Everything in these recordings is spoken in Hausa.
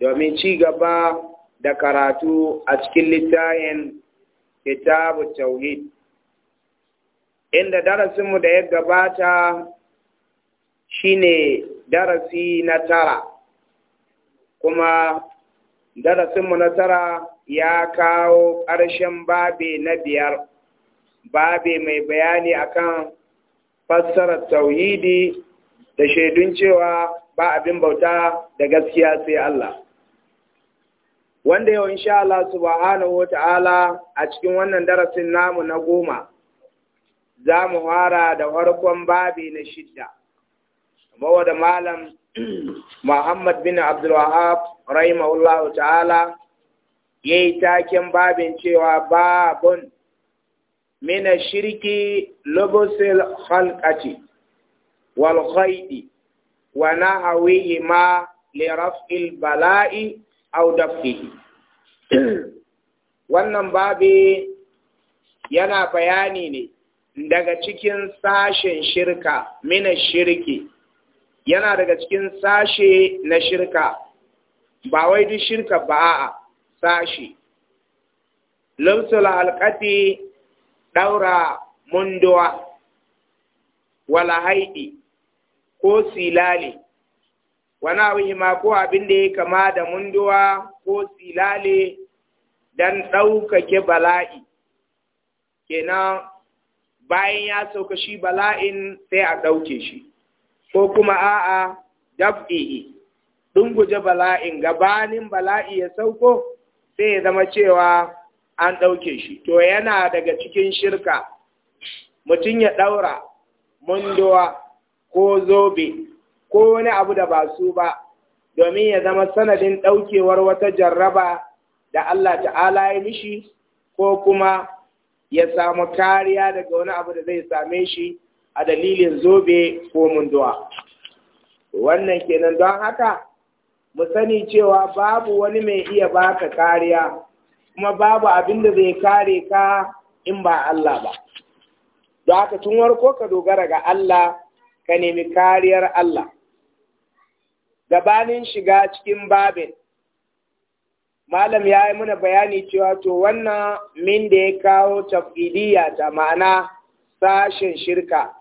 domin ci gaba da karatu a cikin littayin kitabu tauhid inda darasinmu da ya gabata shine darasi na tara kuma darasinmu na tara ya kawo ƙarshen babe na biyar babe mai bayani akan fassarar tauhidi da shaidun cewa ba abin bauta da gaskiya sai Allah wanda yau insha Allah subhanahu wata'ala a cikin wannan darasin namu na goma za mu fara da farkon babi na shidda bawa da malam Muhammad bin Abdul Wahab rahimahullahu ta'ala yayi taken babin cewa babun min shirki lubusil khalqati wal khaydi wa nahawihi ma li raf'il bala'i au dafihi wannan babi yana bayani ne daga cikin sashen shirka mina shirki yana daga cikin sashe na shirka ba wai duk shirka ba a sashe lamsul alƙati ɗaura munduwa wala haidi ko silali wani abu ma ko abin da ya kama da munduwa ko silale don ɗaukake bala'i kenan bayan ya sauka shi bala'in sai a ɗauke shi ko kuma a'a ɗin guje bala'in gabanin bala'i ya sauko sai ya zama cewa an ɗauke shi to yana daga cikin shirka mutum ya ɗaura munduwa ko zobe ko wani abu da ba su ba domin ya zama sanadin ɗaukewar wata jarraba da Allah ta'ala ya mishi ko kuma ya samu kariya daga wani abu da zai same shi a dalilin zobe ko munduwa. Wannan kenan don haka, mu sani cewa babu wani mai iya baka kariya, kuma babu abin da zai kare ka in ba Allah ba. Don haka tun warko ka dogara ga Allah, ka nemi kariyar Allah. gabanin shiga cikin babin malam ya yi mana bayani cewa to wannan min da ya kawo tafiliya ta ma'ana sashen shirka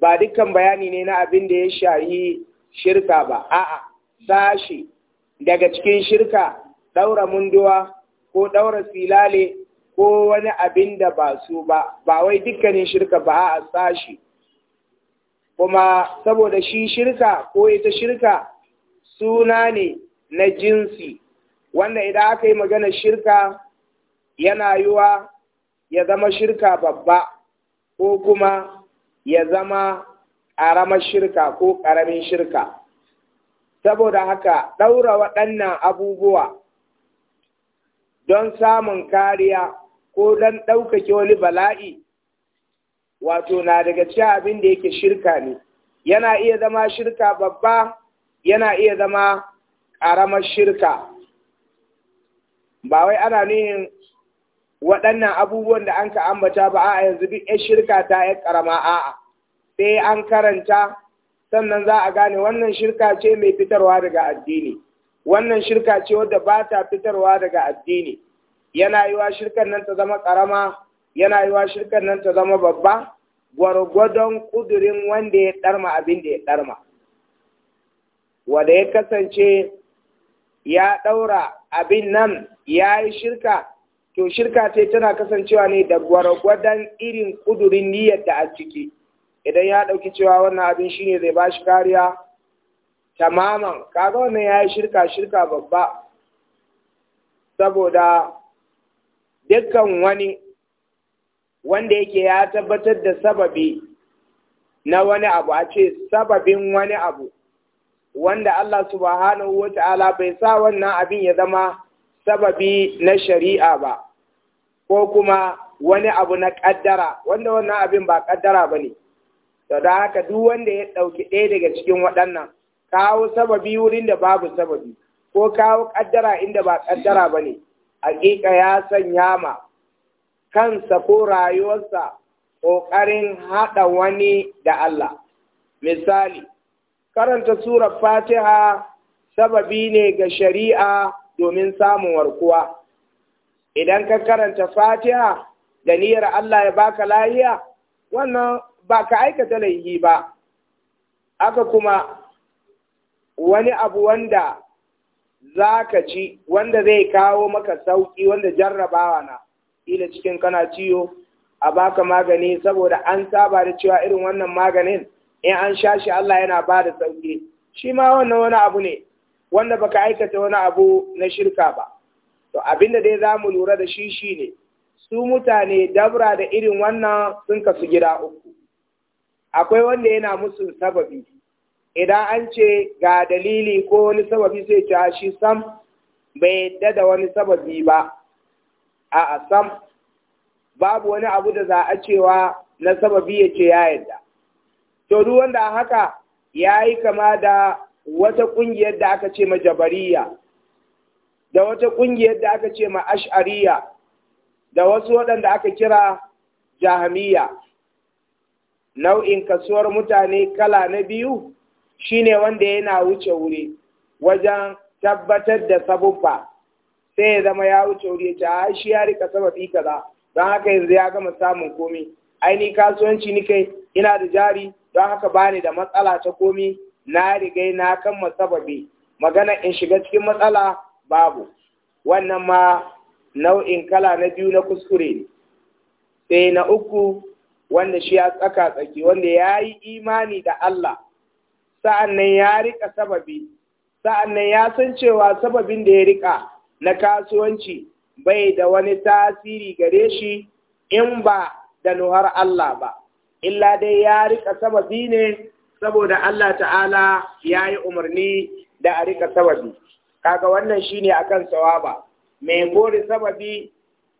ba dukkan bayani ne na abin da ya shayi shirka ba a'a sashi daga cikin shirka ɗaura munduwa ko ɗaura silale ko wani abin da ba su ba ba wai dukkanin shirka ba a sashi kuma saboda shi shirka ko ita shirka suna ne na jinsi wanda idan aka yi magana shirka yana yiwa ya zama shirka babba ko kuma ya zama ƙaramar shirka ko ƙaramin shirka saboda haka ɗaura waɗannan abubuwa don samun kariya ko don ɗaukake wani bala'i wato na daga cikin abin da yake shirka ne yana iya zama shirka babba yana iya zama ƙaramar shirka ba wai ana nuhin waɗannan abubuwan da an ka ambata ba a yanzu duk 'yan shirka ta yi ƙarama a'a sai an karanta sannan za a gane wannan shirka ce mai fitarwa daga addini wannan shirka ce wadda ba ta fitarwa daga addini yana yiwa shirkan nan ta zama ƙarama yana yiwa shirkan nan ta zama babba gwargwadon ƙudurin wanda ya ɗarma abin da ya ɗarma wanda ya kasance ya ɗaura abin nan ya yi shirka to shirka ce tana kasancewa ne da gwargwadon irin ƙudurin niyyar da a ciki idan ya ɗauki cewa wannan abin shi ne zai ba shi kariya tamaman kaga wannan ya yi shirka shirka babba saboda dukkan wani wanda yake ya tabbatar da sababi na wani abu a ce sababin wani abu wanda Allah subhanahu wa ta'ala bai sa wannan abin ya zama sababi na shari'a ba, ko kuma wani abu na ƙaddara, wanda wannan abin ba ƙaddara ba ne. Da da haka duk wanda ya ɗauki ɗaya daga cikin waɗannan, kawo sababi wurin da babu sababi, ko kawo ƙaddara inda ba ƙaddara ba ne, hakika ya sanya ma kansa ko rayuwarsa ƙoƙarin haɗa wani da Allah. Misali, karanta surar fatiha sababi ne ga shari'a domin samun warkuwa idan ka karanta fatiha da niyyar Allah ya baka lahiya wannan ba ka aikata laihi ba aka kuma wani abu wanda za ka ci wanda zai kawo maka sauƙi wanda jarrabawa na ila cikin kana ciwo a baka magani saboda an saba da cewa irin wannan maganin in an sha shi Allah yana ba da sauki shi ma wannan wani abu ne wanda baka aikata wani abu na shirka ba to abin da dai za mu lura da shi shi ne su mutane dabra da irin wannan sun kasu gida uku akwai wanda yana musu sababi idan an ce ga dalili ko wani sababi sai ce shi sam bai yadda da wani sababi ba a sam babu wani abu da za a cewa na sababi ya ce ya yadda to duk wanda haka ya yi kama da wata ƙungiyar da aka ce ma jabariya da wata ƙungiyar da aka ce ma ash'ariya da wasu waɗanda aka kira jahamiya nau'in kasuwar mutane kala na biyu shine wanda yana wuce wuri wajen tabbatar da sabubba sai ya zama ya wuce wuri ya shi ya rika fi kaza don haka yanzu ya gama samun komi aini kasuwanci nike ina da jari don haka ba ni da matsala ta komi na rigai na kan masababi magana in shiga cikin matsala babu wannan ma nau'in kala na biyu na kuskure sai na uku wanda shi ya tsaka tsaki wanda ya yi imani da Allah sa'an nan ya rika sababi sa'an nan ya san cewa sababin da ya rika na kasuwanci bai da wani tasiri gare shi in ba da nuhar Allah ba illa dai ya rika sababi ne saboda Allah ta'ala ya yi umarni da a rika sababi kaga wannan shine akan tsawaba. mai gori sababi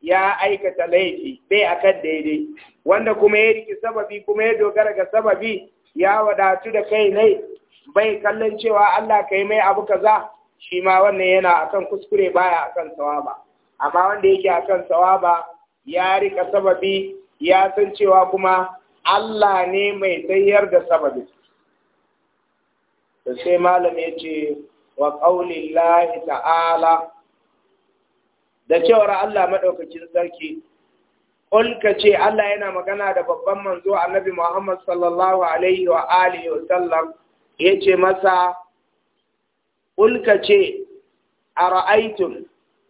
ya aikata laifi bai kan daidai wanda kuma ya riki sababi kuma ya dogara ga sababi ya wadatu da kai ne bai kallon cewa Allah ka yi mai abu kaza shi ma wannan yana akan kuskure baya akan tsawaba. amma wanda yake akan tsawaba, ya rika sababi ya san cewa kuma Allah ne mai tsayar da sababi da sai malam ya ce wa qaulillahi ta'ala da cewar Allah madaukakin sarki Ulka ce Allah yana magana da babban manzo annabi Muhammad sallallahu alaihi wa alihi wa sallam ya ce masa Ulka ce a ra'aitun,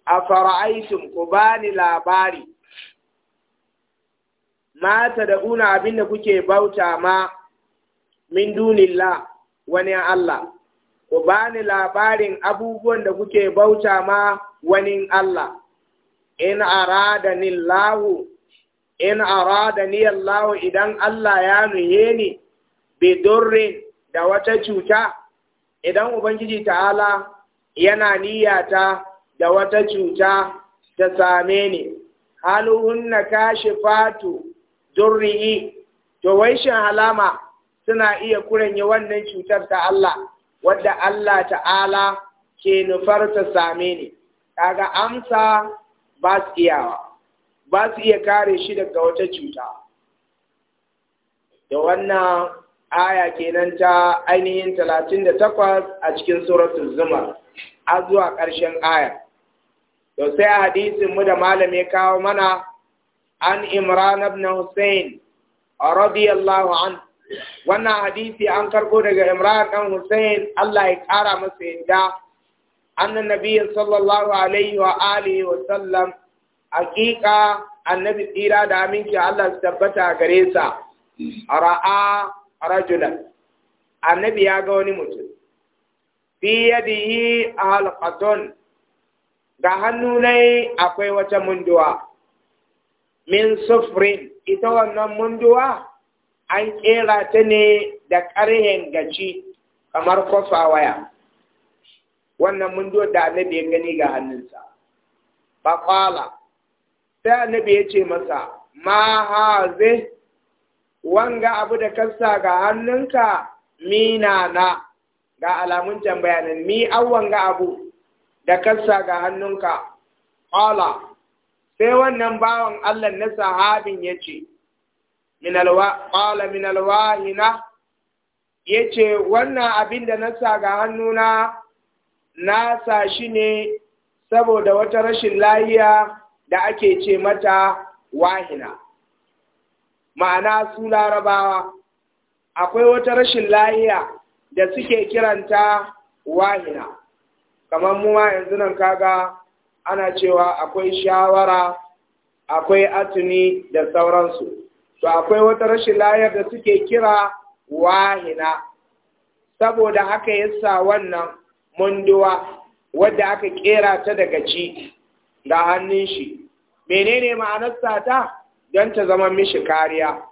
a fara'aitun ku bani labari ma ta abin da kuke bauta ma min dunilla wani Allah, ku bani labarin abubuwan da kuke bauta ma wani Allah, in arada lahu, in arada idan Allah ya nuhe ni, bidurri da wata cuta, idan Ubangiji ta'ala yana niyyata da wata cuta ta same ni, halu hunna kashi fatu durrihi to wai halama suna iya kuranye wannan cutar ta Allah wadda Allah ta'ala ke nufar ta same ni kaga amsa ba su iya ba su iya kare shi daga wata cuta da wannan aya kenan ta ainihin 38 a cikin suratul zumar a zuwa ƙarshen aya to sai hadisin mu da malam ya kawo mana an imran ibn hussein radiyallahu an wannan hadisi an karbo daga imran ibn hussein Allah ya kara masa yadda annan nabiyyi sallallahu alaihi wa alihi wa sallam hakika annabi tsira da aminci Allah su tabbata gare sa ra'a rajulan annabi ya ga wani mutum fi yadihi halqatun ga hannu ne akwai wata munduwa min sufrin ita wannan munduwa an kera ta ne da ƙarhen gaci kamar kofa waya wannan munduwa da annabi ya gani ga hannunsa faƙala sai annabi ya ce masa ma haze wanga abu da kasa ga hannunka mina na ga alamun can ne mi an wanga abu da kasa ga hannunka ƙala sai wannan bawan Allah na sahabin ya ce, Ƙwala hina, ya ce, wannan abin da na sa ga hannuna na sa shi ne saboda wata rashin lahiya da ake ce mata wahina. Ma'ana su larabawa, akwai wata rashin lahiya da suke kiranta wahina, kamar mu ma yanzu nan kaga ana cewa akwai shawara akwai atuni da sauransu to akwai wata rashin layar da suke kira wahina saboda haka ya sa wannan munduwa wadda aka kera ta daga ci da hannun shi menene ma'anarsa ta don ta zama mishi kariya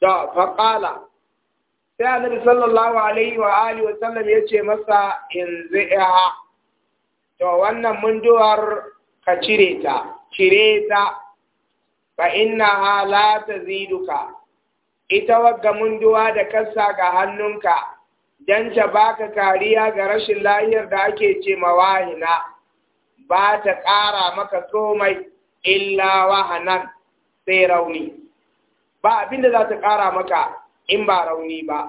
da faƙala sai annabi sallallahu alaihi wa alihi wa sallam yace masa in zaiha to wannan munduwar ka cire ta cire ta fa ziduka, ita wagga munduwa da kasa ga hannunka dan ta baka kariya ga rashin lahiyar da ake ce mawahina ba ta ƙara maka komai illa wahanan sai rauni ba abinda za ta ƙara maka in ba rauni ba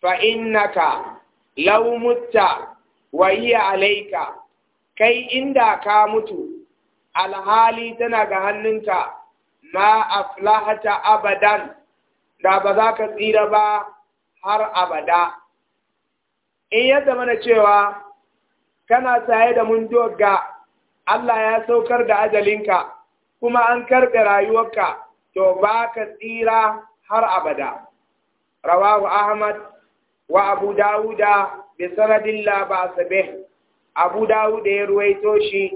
fa innaka law mutta wa iya alaika kai inda ka mutu alhali tana ga hannunka ma aflahata abadan da ba za ka tsira ba har abada in yadda mana cewa kana saye da mun ga Allah ya saukar da ajalinka kuma an karɓe rayuwarka to ba ka tsira har abada rawahu ahmad wa abu dawuda bi sanadin la ba abu dawuda ya ruwaito shi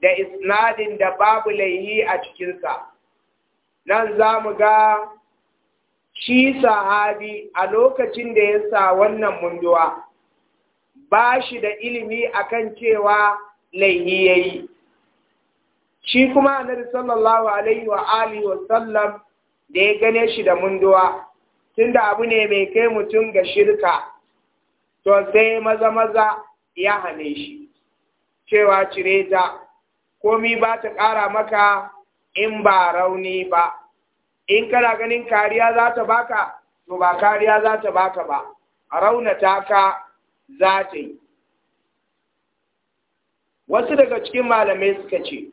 da isnadin da babu laihi a cikinsa nan za mu ga shi sahabi a lokacin da ya sa wannan munduwa ba shi da ilimi akan cewa laihi ya yi shi kuma annabi sallallahu alaihi wa alihi wa sallam da ya gane shi da munduwa tun da abu ne mai kai mutum ga shirka to sai maza maza ya hane shi cewa cire ta komi ba ta ƙara maka in ba rauni ba in kana ganin kariya za ta baka to ba kariya za ta baka ba raunata ka za ta yi wasu daga cikin malamai suka ce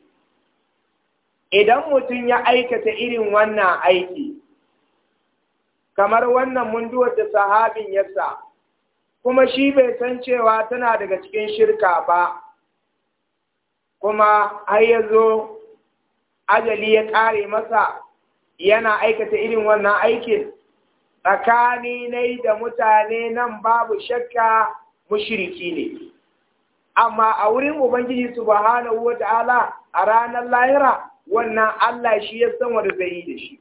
idan mutum ya aikata irin wannan aiki kamar wannan munduwar da sahabin yasa kuma shi bai san cewa tana daga cikin shirka ba kuma har ya zo ajali ya ƙare masa yana aikata irin wannan aikin tsakani yi da mutane nan babu shakka mushiriki ne amma a wurin ubangiji subhanahu Ta'ala a ranar lahira wannan Allah shi ya san wani zai yi da shi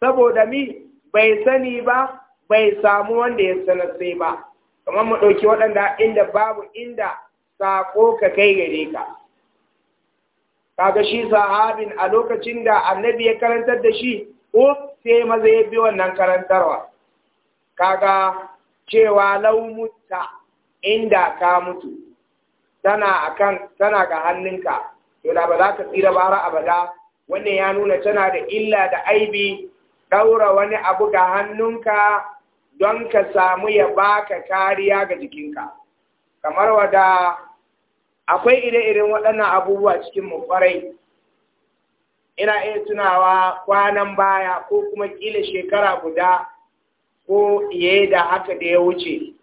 saboda mi bai sani ba bai samu wanda ya sanar sai ba kamar mu ɗauki waɗanda inda babu inda saƙo ka kai gare ka kaga shi sahabin a lokacin da annabi ya karantar da shi ko sai maza ya bi wannan karantarwa kaga cewa laumuta inda ka mutu tana akan tana ga hannunka to da ba za ka tsira bara abada wannan ya nuna tana da illa da aibi ɗaura wani abu ga hannunka don ka samu ya baka kariya ga jikinka kamar wada akwai ire-iren waɗannan abubuwa cikin mu ina iya tunawa kwanan baya ko kuma ƙila shekara guda ko iye da haka da ya wuce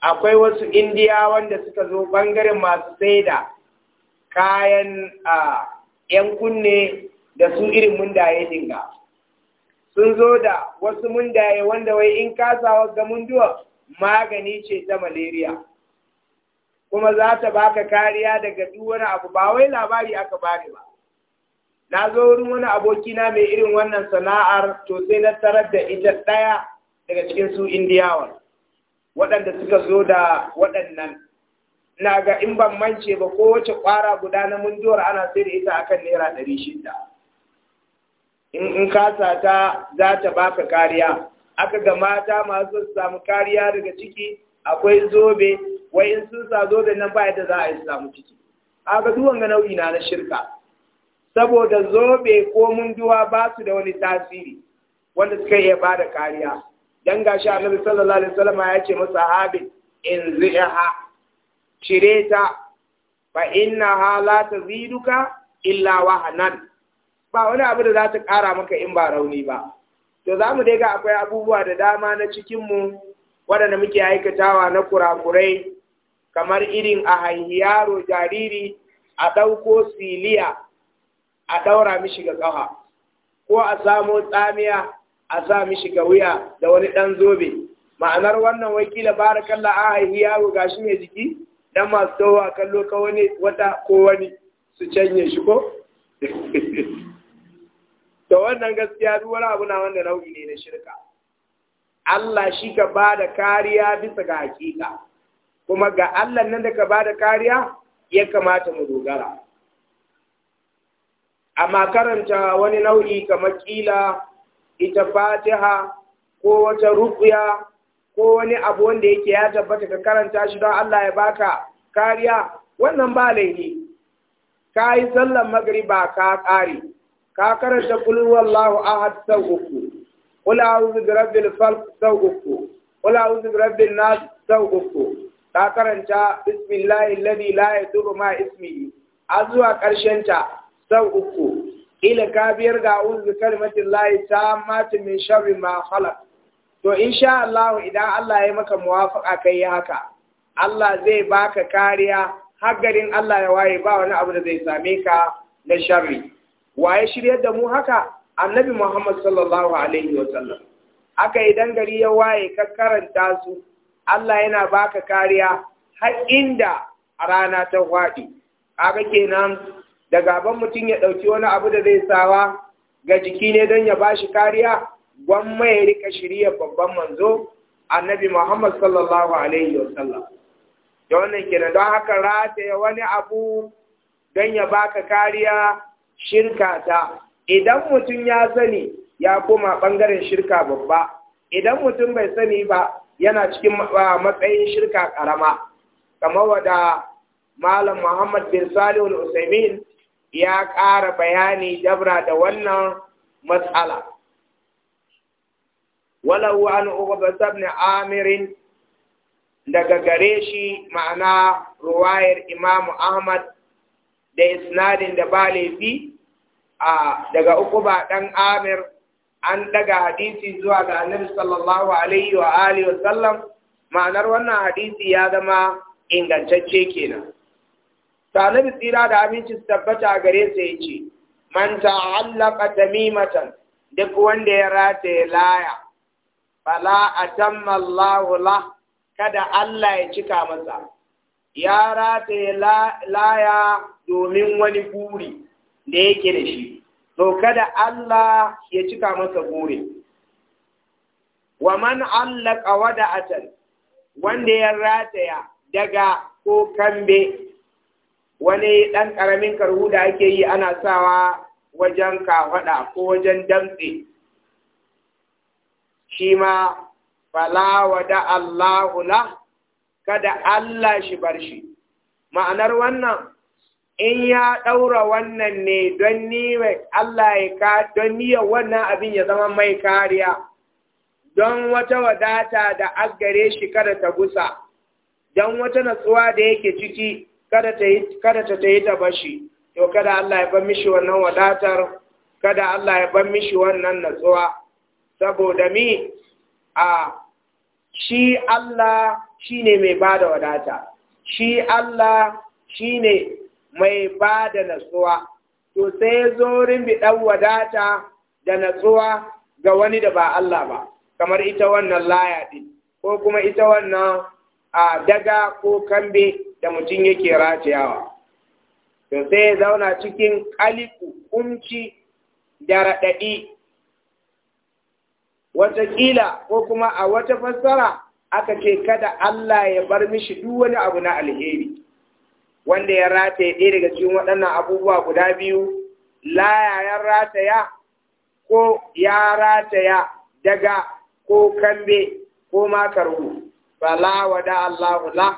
akwai wasu indiya wanda suka zo ɓangaren masu sai da kayan yan ah, kunne da su irin ya dinga sun zo da wasu mundaye wanda wai in kasawa ga munduwa magani ce ta malaria kuma za ta baka kariya daga duk wani abu ba wai labari aka bani ba na zo wurin wani abokina mai irin wannan sana'ar to sai na tarar da ita ɗaya daga cikin su indiyawa waɗanda suka zo da waɗannan na ga in ban mance ba kowace ƙwara guda na munduwar ana sai da ita akan naira ɗari shida in kasa ta za ta baka kariya aka ga mata masu samu kariya daga ciki akwai zobe wai in sun sa zobe nan ba yadda za a yi samu ciki aka duwan ga nau'i na na shirka saboda zobe ko munduwa ba su da wani tasiri wanda suka iya ba da kariya dan gashi annabi sallallahu alaihi wasallam ya ce masa habib in zi'aha cire ta fa inna la taziduka illa wahanan ba wani abu da za ta ƙara maka in ba rauni ba to za mu dai ga akwai abubuwa da dama na cikinmu waɗanda muke aikatawa na kurakurai kamar irin a haihi jariri a ɗauko siliya a ɗaura mishi ga ƙafa ko a samo tsamiya a sa mishi ga wuya da wani ɗan zobe ma'anar wannan wakila kalla a haihi yaro gashi mai jiki dan masu dawa kallo ka wani wata ko wani su canye shi ko to wannan gaskiya duk wani abu na wanda nau'i ne na shirka Allah shi ka ba da kariya bisa ga hakika kuma ga Allah nan da ka ba da kariya ya kamata mu dogara amma karanta wani nau'i kamar kila ita fatiha ko wata rukuya ko wani abu wanda yake ya tabbata ka karanta shi don Allah ya baka kariya wannan ba laifi ka yi sallar magariba ka ƙare ka karanta kulun wallahu ahad sau uku قل أعوذ برب الفلق سو أكو قل أعوذ برب الناس سو أكو ta karanta bismillahi alladhi la yadurru ma ismihi a zuwa karshen ta sau uku ila ka biyar ga uzu kalmatin lahi ta mata min sharri ma khalaq to insha Allah idan Allah ya maka muwafaqa kai haka Allah zai baka kariya har garin Allah ya waye ba wani abu da zai same ka na sharri Wa ya shirya da mu haka annabi Muhammad sallallahu alaihi wa sallam aka idan gari ya waye ka karanta su Allah yana baka kariya har inda a rana ta hwaɗi kaga kenan da gaban mutum ya ɗauki wani abu da zai sawa ga jiki ne don ya bashi kariya gwan ya rika shirya babban manzo annabi Muhammad sallallahu alaihi wa sallam da wannan kenan don haka rataya wani abu don ya baka kariya shirka ta idan mutum ya sani ya koma ɓangaren shirka babba idan mutum bai sani ba yana cikin matsayin shirka ƙarama kamar wada malam muhammad bin salihu usaimin ya ƙara bayani dabra da wannan matsala walau an uqba ibn amirin daga gare shi ma'ana ruwayar imamu ahmad da isnadin da ba laifi a daga uku ba ɗan amir an daga hadisi zuwa ga annabi sallallahu alaihi wa alihi wa sallam ma'anar wannan hadisi ya zama ingantacce kenan ta annabi tsira da abinci su tabbata gare sa ce man ta'allaqa tamimatan duk wanda ya rataye laya fala a Allahu la kada Allah ya cika masa ya rataye laya domin wani buri da yake da shi to kada Allah ya cika masa buri wa man allaka atal, wanda ya rataya daga ko kambe wani ɗan ƙaramin karhu da ake yi ana sawa wajen kafaɗa ko wajen damtse shi ma fala da Allahu kada Allah shi bar shi ma'anar wannan in ya ɗaura wannan ne don niwa Allah ya ka don niya wannan abin ya zama mai kariya don wata wadata da aggare shi kada ta gusa don wata natsuwa da yake ciki kada ta yi kada ta yi ta bashi to kada Allah ya ban mishi wannan wadatar kada Allah ya ban mishi wannan natsuwa saboda mi a shi Allah shine mai bada wadata shi Allah shine mai ba da natsuwa to sai ya zo rimbi ɗan wadata da natsuwa ga wani da ba Allah ba kamar ita wannan laya ɗin ko kuma ita wannan a daga ko kambe da mutum yake ratayawa to sai ya zauna cikin ƙaliku kunci da raɗaɗi watakila, ko kuma a wata fassara aka ce kada Allah ya bar mishi duk wani abu na alheri wanda ya rataye ɗaya daga cikin waɗannan abubuwa guda biyu laya ya rataya ko ya rataya daga ko kambe ko makarhu fala wada Allahu la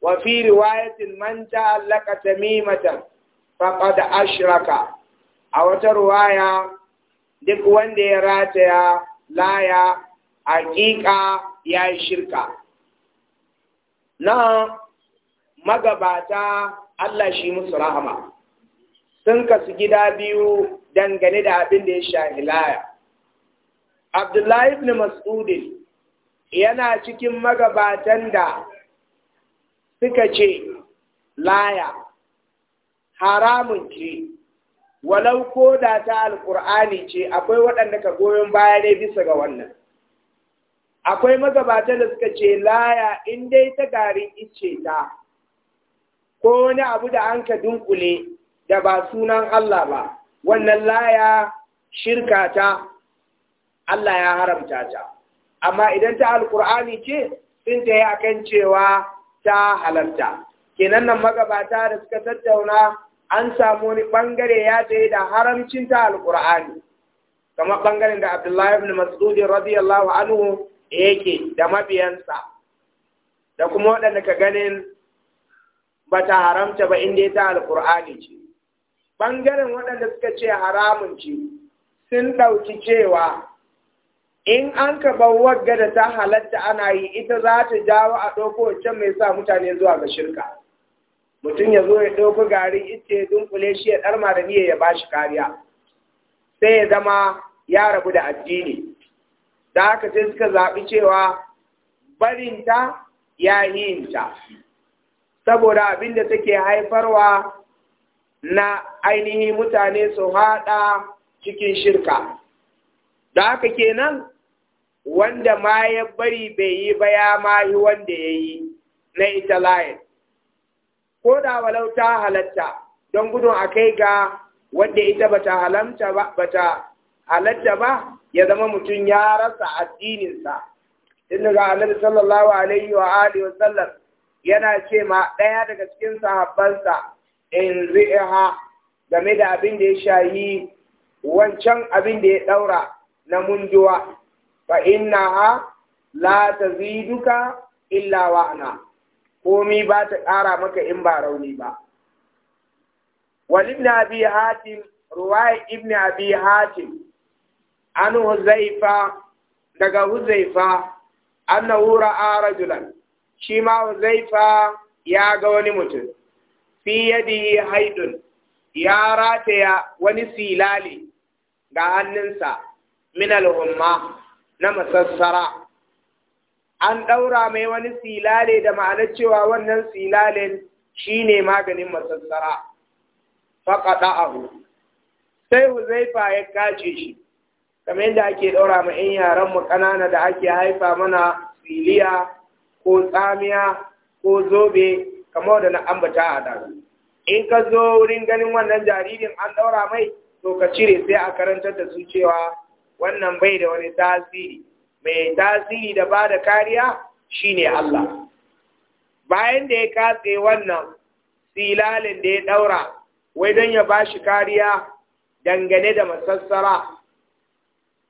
wa fi riwayatin ta ta'allaka tamimatan da ashiraka a wata riwaya duk wanda ya rataya laya ƙiƙa ya shirka na magabata Allah shi musu rahama sun kasu gida biyu dangane da abin da ya shahilaya. Abdullahi ibn Mas'udin yana cikin magabatan da suka ce laya haramun ce walau ko da ta alkur'ani ce akwai waɗanda ka goyon baya ne bisa ga wannan akwai magabatan da suka ce laya in dai ta garin ice ta ko wani abu da an ka dunkule da ba sunan Allah ba wannan laya shirka ta Allah ya haramta ta amma idan ta alkur'ani ce sun ta yi akan cewa ta halarta kenan nan magabata da suka tattauna an samu wani ɓangare ya ta yi da haramcin ta alkur'ani kamar bangaren da abdullahi ibn mas'ud radiyallahu anhu yake da mabiyansa da kuma waɗanda ka ganin ba ta haramta ba inda ta Alƙur'ani ce ɓangaren waɗanda suka ce haramun ce sun ɗauki cewa in an karɓar wagga da ta halatta ana yi ita za ta jawo a ɗauko wancan mai sa mutane zuwa ga shirka mutum ya zo ya ɗauko garin ita ya dunkule shi ya ɗarma da niyya ya shi kariya sai ya zama ya rabu da addini da aka sai suka zaɓi cewa barinta ya yi ta saboda abin da take haifarwa na ainihi mutane su haɗa cikin shirka. Da haka kenan wanda ma ya bari bai yi ba ya mahi wanda ya yi na ita layin. Ko da walau ta halatta don gudun a kai ga wanda ita bata halamta ba bata halatta ba ya zama mutum ya rasa addininsa. Inda ga Annabi sallallahu alaihi wa alihi wa sallam yana ce ma ɗaya daga cikin sahabbansa in ri'a game da abin da ya shayi wancan abin da ya ɗaura na munjuwa fa ha la taziduka illa wa'ana komi ba ta ƙara maka in ba rauni ba na abi hatim ruwaya ibn abi hatim an huzaifa daga huzaifa annahu ra'a rajulan shi ma Uzaifa ya ga wani mutum fi yadihi haidun ya rataya wani silali ga hannunsa min al'umma na masassara an ɗaura mai wani silale da ma'anar cewa wannan silalen shine maganin masassara faƙaɗa abu sai huzaifa ya kace shi kamar yadda ake ɗaura ma 'yan mu ƙanana da ake haifa mana siliya ko tsamiya ko zobe kamar da na ambata a da in ka zo wurin ganin wannan jaririn an ɗaura mai to ka cire sai a karantar da su cewa wannan bai da wani tasiri mai tasiri da ba da kariya shine Allah bayan da ya katse wannan silalin da ya ɗaura wai don ya ba shi kariya dangane da masassara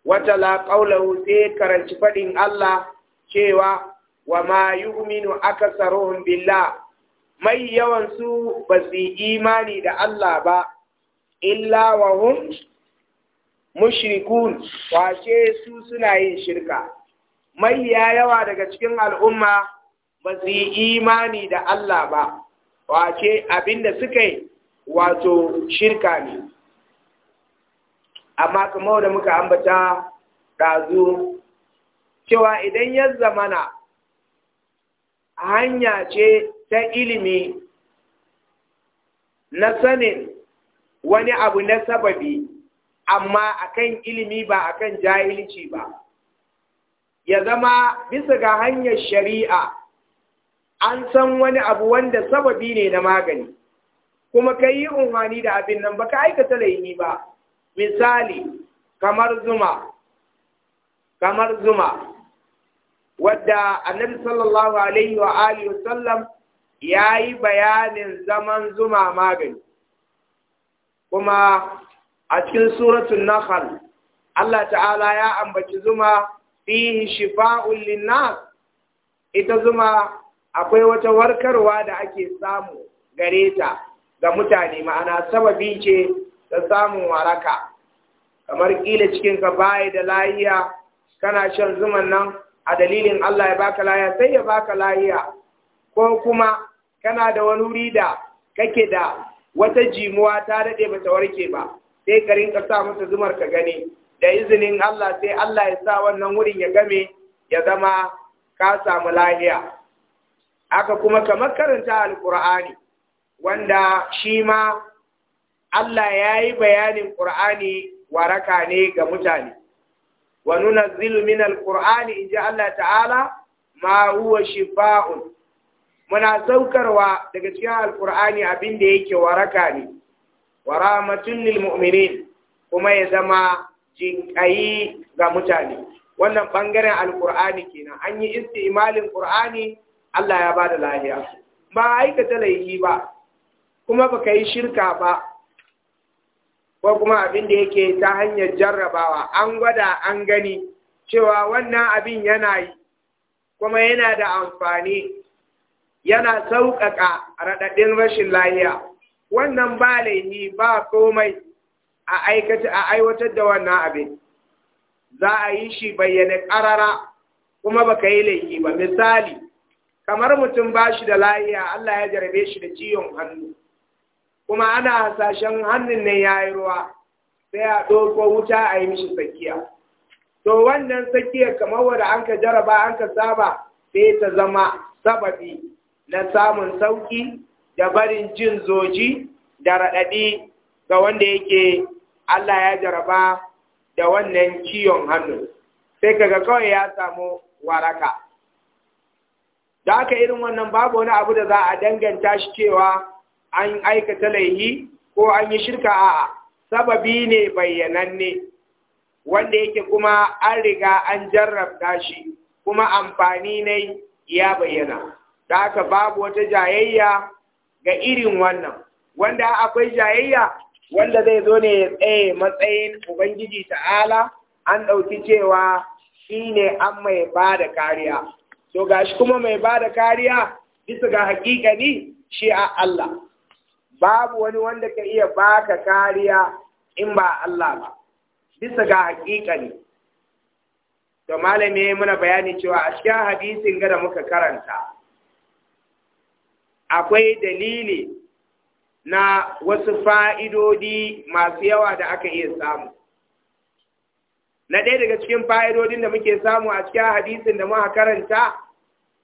wata laƙaulahu sai karanci faɗin Allah cewa wa ma yu'minu akasaruhum billah mai yawan su ba su imani da Allah ba illa wa hum mushrikun washe su suna yin shirka mai ya yawa daga cikin al'umma ba su yi imani da Allah ba wace abinda suka yi wato shirka ne amma kamar da muka ambata ɗazu cewa idan ya zamana hanya ce ta ilimi na sanin wani abu na sababi amma akan ilimi ba akan jahilci ba ya zama bisa ga hanyar shari'a an san wani abu wanda sababi ne na magani kuma ka yi unhani da abin nan ba ka aikata laini ba misali kamar zuma kamar zuma wadda annabi sallallahu alaihi wa alihi wasallam ya yi bayanin zaman zuma magani kuma a cikin suratun nahl Allah ta'ala ya ambaci zuma fihi shifa'un linnas ita zuma akwai wata warkarwa da ake samu gare ta ga mutane ma'ana sababi ce ta samun waraka kamar kila cikin ka baya da lahiya kana shan zuman nan a dalilin Allah ya baka lahiya sai ya baka lahiya ko kuma kana da wani wuri da kake da wata jimuwa ta daɗe ta warke ba sai ka rinka sa masa zumar ka gani da izinin Allah sai Allah ya sa wannan wurin ya game ya zama ka samu lahiya Haka kuma kamar karanta alkur'ani wanda shi ma Allah ya yi bayanin ƙur'ani waraka ne ga mutane wa nunazzilu min alqur'ani in ji Allah ta'ala ma huwa shifa'un muna saukarwa daga cikin alqur'ani abin da yake waraka ne wa rahmatun lil kuma ya zama jinkayi ga mutane wannan bangaren alqur'ani kenan an yi istimalin qur'ani Allah ya bada lahiya ba aikata laifi ba kuma baka yi shirka ba ko kuma abin da yake ta hanyar jarrabawa an gwada an gani cewa wannan abin yana yi kuma yana da amfani yana sauƙaƙa raɗaɗin rashin lahiya wannan ba laifi ba komai a aiwatar da wannan abin za a yi shi bayyana ƙarara kuma baka yi laifi ba misali kamar mutum ba shi da lahiya Allah ya jarabe shi da ciwon hannu kuma ana hasashen hannun nan ya yi ruwa sai a ɗauko wuta a yi mishi tsakiya to wannan tsakiya kamar wadda an ka jaraba an ka saba sai ta zama sababi na samun sauki da barin jin zoji da raɗaɗi ga wanda yake Allah ya jaraba da wannan kiyon hannu sai kaga kawai ya samu waraka da aka irin wannan babu wani abu da za a danganta shi cewa an aikata laihi ko an yi shirka a sababi ne bayyananne wanda yake kuma an riga an jarrabta shi kuma amfani ne ya bayyana da haka babu wata jayayya ga irin wannan wanda akwai jayayya wanda zai zo ne ya tsaye matsayin ubangiji ta'ala an ɗauki cewa shi ne an mai ba da kariya to gashi kuma mai ba da kariya bisa ga hakikani shi a Allah babu wani wanda ka iya baka kariya in ba Allah ba bisa ga ne. to malami ya muna bayani cewa a cikin hadisin ga muka karanta akwai dalili na wasu fa'idodi masu yawa da aka iya samu na ɗaya daga cikin fa'idodin da muke samu a cikin hadisin da muka karanta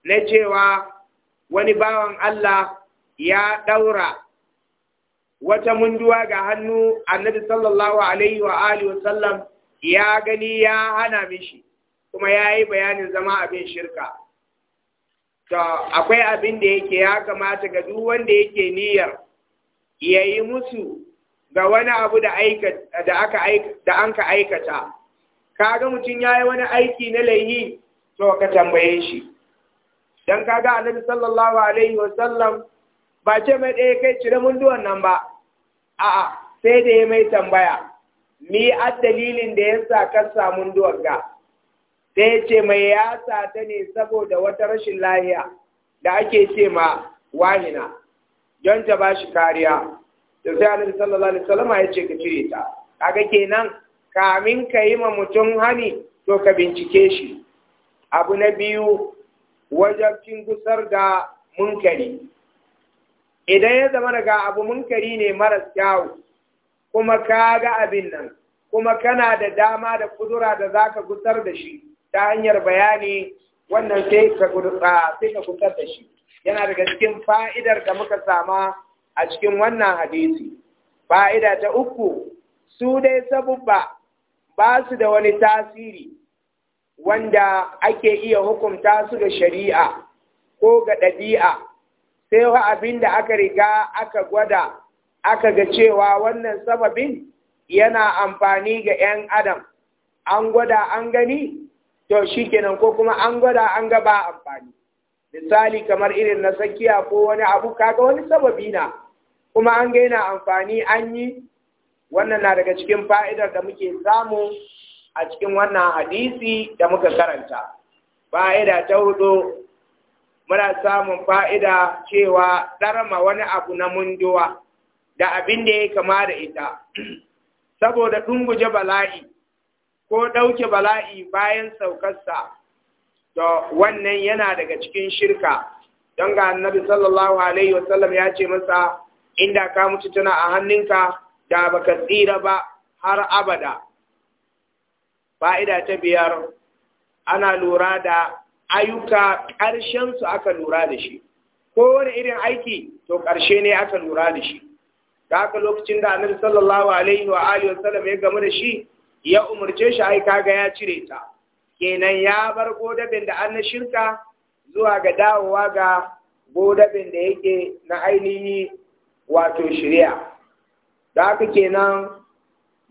na cewa wani bawan Allah ya ɗaura wata munduwa ga hannu annabi sallallahu alaihi wa alihi wasallam ya gani ya hana mishi kuma ya yi bayanin zama abin shirka to akwai abin da yake ya kamata ga duk wanda yake niyyar ya yi musu ga wani abu da an ka aikata kaga mutum ya yi wani aiki na laihi to ka tambaye shi don kaga annabi sallallahu alaihi wasallam ba ce mai ɗaya kai cire munduwan nan ba a'a sai da ya mai tambaya mi a dalilin da ya sa kasa samu munduwar ga sai ce mai ya sa ta ne saboda wata rashin lahiya da ake ce ma wahina don ta ba shi kariya da sai annabi sallallahu alaihi wasallam ya ce ka cire ta kaga kenan kamin ka yi ma mutum hani to ka bincike shi abu na biyu wajabcin gusar da munkari idan ya zama daga abu munkari ne maras kyawu kuma ka ga abin nan kuma kana da dama da kudura da za ka gusar da shi ta hanyar bayani wannan sai ka gusar da shi yana daga cikin fa'idar da muka sama a cikin wannan hadisi fa'ida ta uku su dai sabubba ba su da wani tasiri wanda ake iya hukunta su ga shari'a ko ga ɗabi'a sai wa abin da aka riga aka gwada aka ga cewa wannan sababin yana amfani ga 'yan adam an gwada an gani to shi kenan ko kuma an gwada an ga ba amfani misali kamar irin na tsakiya ko wani abu kaga wani sababi na kuma an ga yana amfani an yi wannan na daga cikin fa'idar da muke samu a cikin wannan hadisi da muka karanta fa'ida ta hudu muna samun fa'ida cewa ɗarma wani abu na munduwa da abin da ya kama da ita, saboda ɗunguje bala'i ko ɗauke bala'i bayan saukarsa, to wannan yana daga cikin shirka, don ga annabi sallallahu Alaihi wasallam ya ce masa, inda ka mutu tana a hannunka da baka tsira ba har abada. Fa'ida ta biyar, ana lura da ayyuka ƙarshensu aka lura da shi Ko wani irin aiki to ƙarshe ne aka lura da shi da aka lokacin da annabi sallallahu alaihi wa alihi wasallam ya gamu da shi ya umarce shi ai kaga ya cire ta kenan ya bar godabin da an shirka zuwa ga dawowa ga godabin da yake na ainihi wato shari'a da aka kenan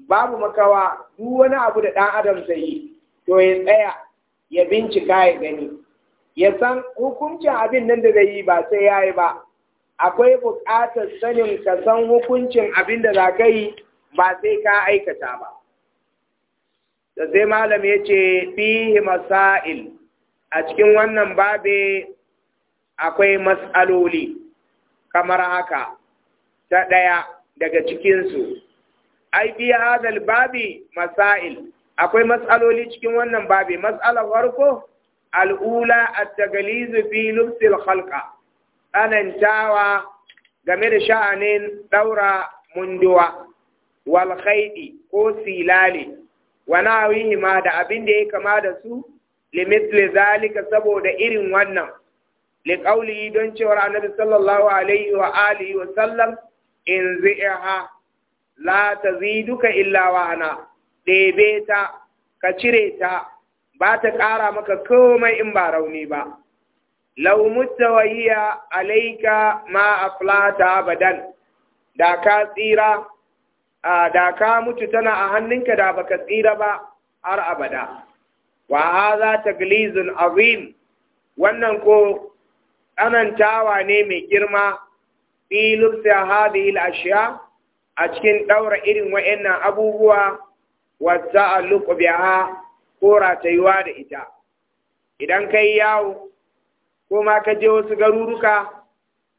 babu makawa duk wani abu da ɗan adam zai yi to ya tsaya ya bincika ya gani ya san hukuncin abin nan da zai yi ba sai ya yi ba akwai buƙatar sanin ka san hukuncin abin da za ka yi ba sai ka aikata ba da sai malam ya ce fihi masail a cikin wannan babe akwai matsaloli kamar haka ta ɗaya daga cikinsu ai fi hadal babi masail akwai matsaloli cikin wannan babi matsalar farko al'ula at-tagalizu fi lubsil khalqa tsanantawa game da sha'anin daura munduwa wal ko silali wa nawihi ma da abin da ya kama da su limithli zalika saboda irin wannan liqauli don cewa annabi sallallahu alaihi wa alihi wa sallam in zi'a la taziduka illa wa ana ɗebe ta ka cire ta ba ta ƙara maka komai in ba rauni ba wa yi alaika ma aflata abadan da ka tsira da ka mutu tana a hannunka da baka tsira ba har abada wa hadha taglizun azim wannan ko tsanantawa ne mai girma fi lubsa hadhihi al a cikin ɗaura irin wayannan abubuwa wa ta'alluqu biha ko ratayuwa da ita idan yi yawo ko ma ka je wasu garuruka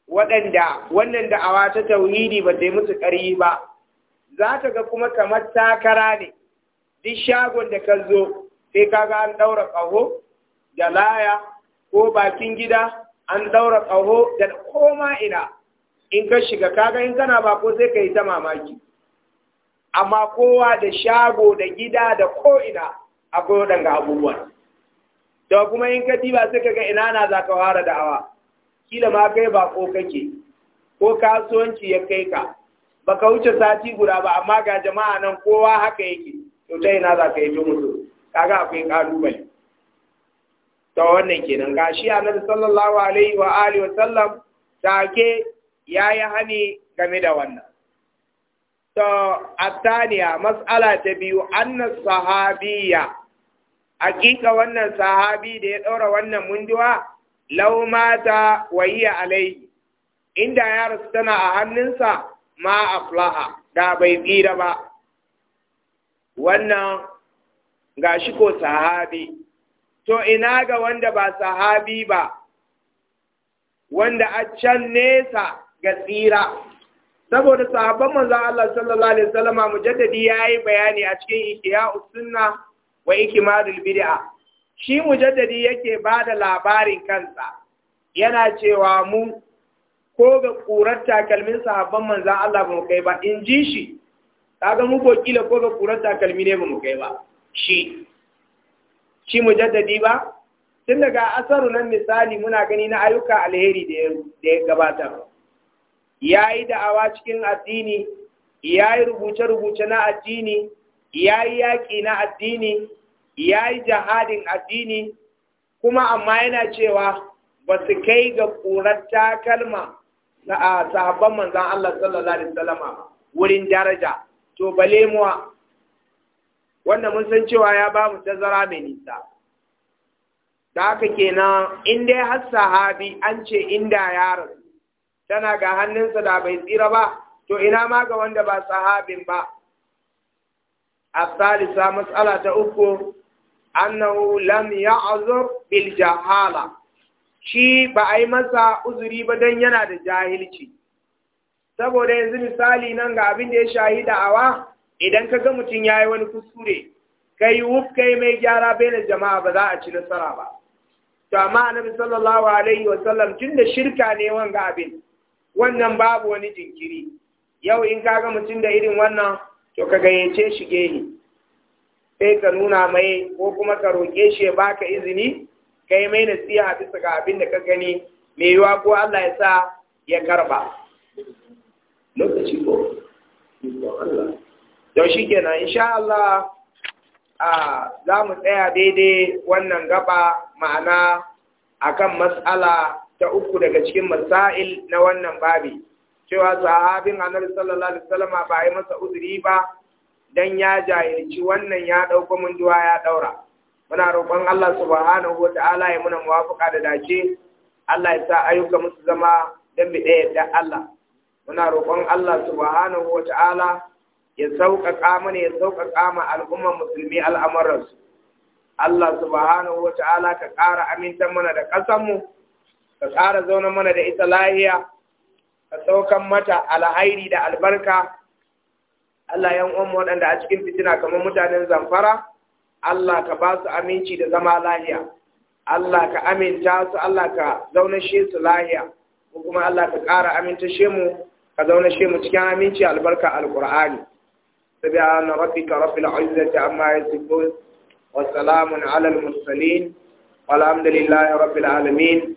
waɗanda wannan da'awa ta tauhidi ba zai musu ƙari ba za ka ga kuma kamar takara ne duk shagon da ka zo sai ka ga an ɗaura ƙaho da laya ko bakin gida an ɗaura ƙaho da koma ina in ka shiga kaga in kana ba ko sai ka yi ta mamaki amma kowa da shago da gida da ko'ina akwai waɗanga abubuwa da kuma in ka diba sai ga ina na za ka fara da'awa kila ma kai ba ko kake ko kasuwanci ya kai ka Ba ka wuce sati guda ba amma ga jama'a nan kowa haka yake to ta ina za ka yi Ka ga akwai ƙalubale? Ta wannan kenan gashi nan sallallahu alaihi wa alihi wa sallam ya yayi hani game da wannan to attaniya mas'ala ta biyu anna sahabiya hakika wannan sahabi da ya daura wannan munduwa laumata mata wa inda ya rasu tana a hannunsa ma aflaha da bai tsira ba wannan gashi ko sahabi to ina ga wanda ba sahabi ba wanda a can nesa ga tsira saboda sahabban manzo Allah sallallahu alaihi wasallam mujaddadi yayi bayani a cikin ihya'us sunna wa ikmalul bid'a shi mujaddadi yake bada labarin kansa yana cewa mu ko ga ƙurar takalmin sahabban manzan Allah ba mu kai ba in ji shi kaga mu ko kila ko ga ƙurar takalmi ne ba mu kai ba shi shi mujaddadi ba tun daga asarun nan misali muna gani na ayyuka alheri da ya gabata ya yi da'awa cikin addini ya yi rubuce-rubuce na addini ya yi yaƙi na addini ya yi jihadin addini kuma amma yana cewa ba su kai ga ƙurar takalma na sahabban manzan Allah sallallahu alaihi wasallama wurin daraja to bale muwa wanda mun san cewa ya ba mu tazara mai nisa da haka kenan in dai har sahabi an ce inda ya rasu. tana ga hannunsa da bai tsira ba to ina ma ga wanda ba sahabin ba asalisa matsala ta uku annahu lam ya'zur bil jahala shi ba a yi masa uzuri ba don yana da jahilci saboda yanzu misali nan ga abin da ya shahida awa, idan ka ga mutum ya yi wani kuskure kai, yi wuf kai mai gyara bai jama'a ba za a ci nasara ba to amma annabi sallallahu alaihi wa sallam tun da shirka ne wanga abin wannan babu wani jinkiri yau in kaga mutum da irin wannan to ka gayyace shi gehe sai ka nuna mai ko kuma ka roƙe shi ya baka izini ka yi mai nasiha bisa ga abin da ka gani mai yiwa ko Allah ya sa ya karba lokaci ko to shi kenan insha Allah a za mu tsaya daidai wannan gaba ma'ana akan matsala. ta uku daga cikin masail na wannan babi cewa sahabin annabi sallallahu alaihi wasallam ba yi masa uzuri ba dan ya jahilci wannan ya dauko mun duwa ya daura muna roƙon Allah subhanahu wata'ala ya muna muwafaqa da dace Allah ya sa ayyuka musu zama dan bi ɗaya da Allah muna roƙon Allah subhanahu wata'ala ya sauƙaƙa mana ya sauƙaƙa ma al'umma musulmi al'amuransu Allah subhanahu wata'ala ka ƙara amintan mana da ƙasarmu mu ka ƙara zaune mana da ita lahiya ka saukan mata alhairi da albarka Allah yan uwan waɗanda a cikin fitina kamar mutanen zamfara Allah ka ba su aminci da zama lahiya Allah ka aminta su Allah ka zaunashe su lahiya ko kuma Allah ka ƙara amintashe mu ka zaunashe mu cikin aminci albarka alqur'ani سبحان ربك رب العزة عما يصفون وسلام على المرسلين والحمد لله رب العالمين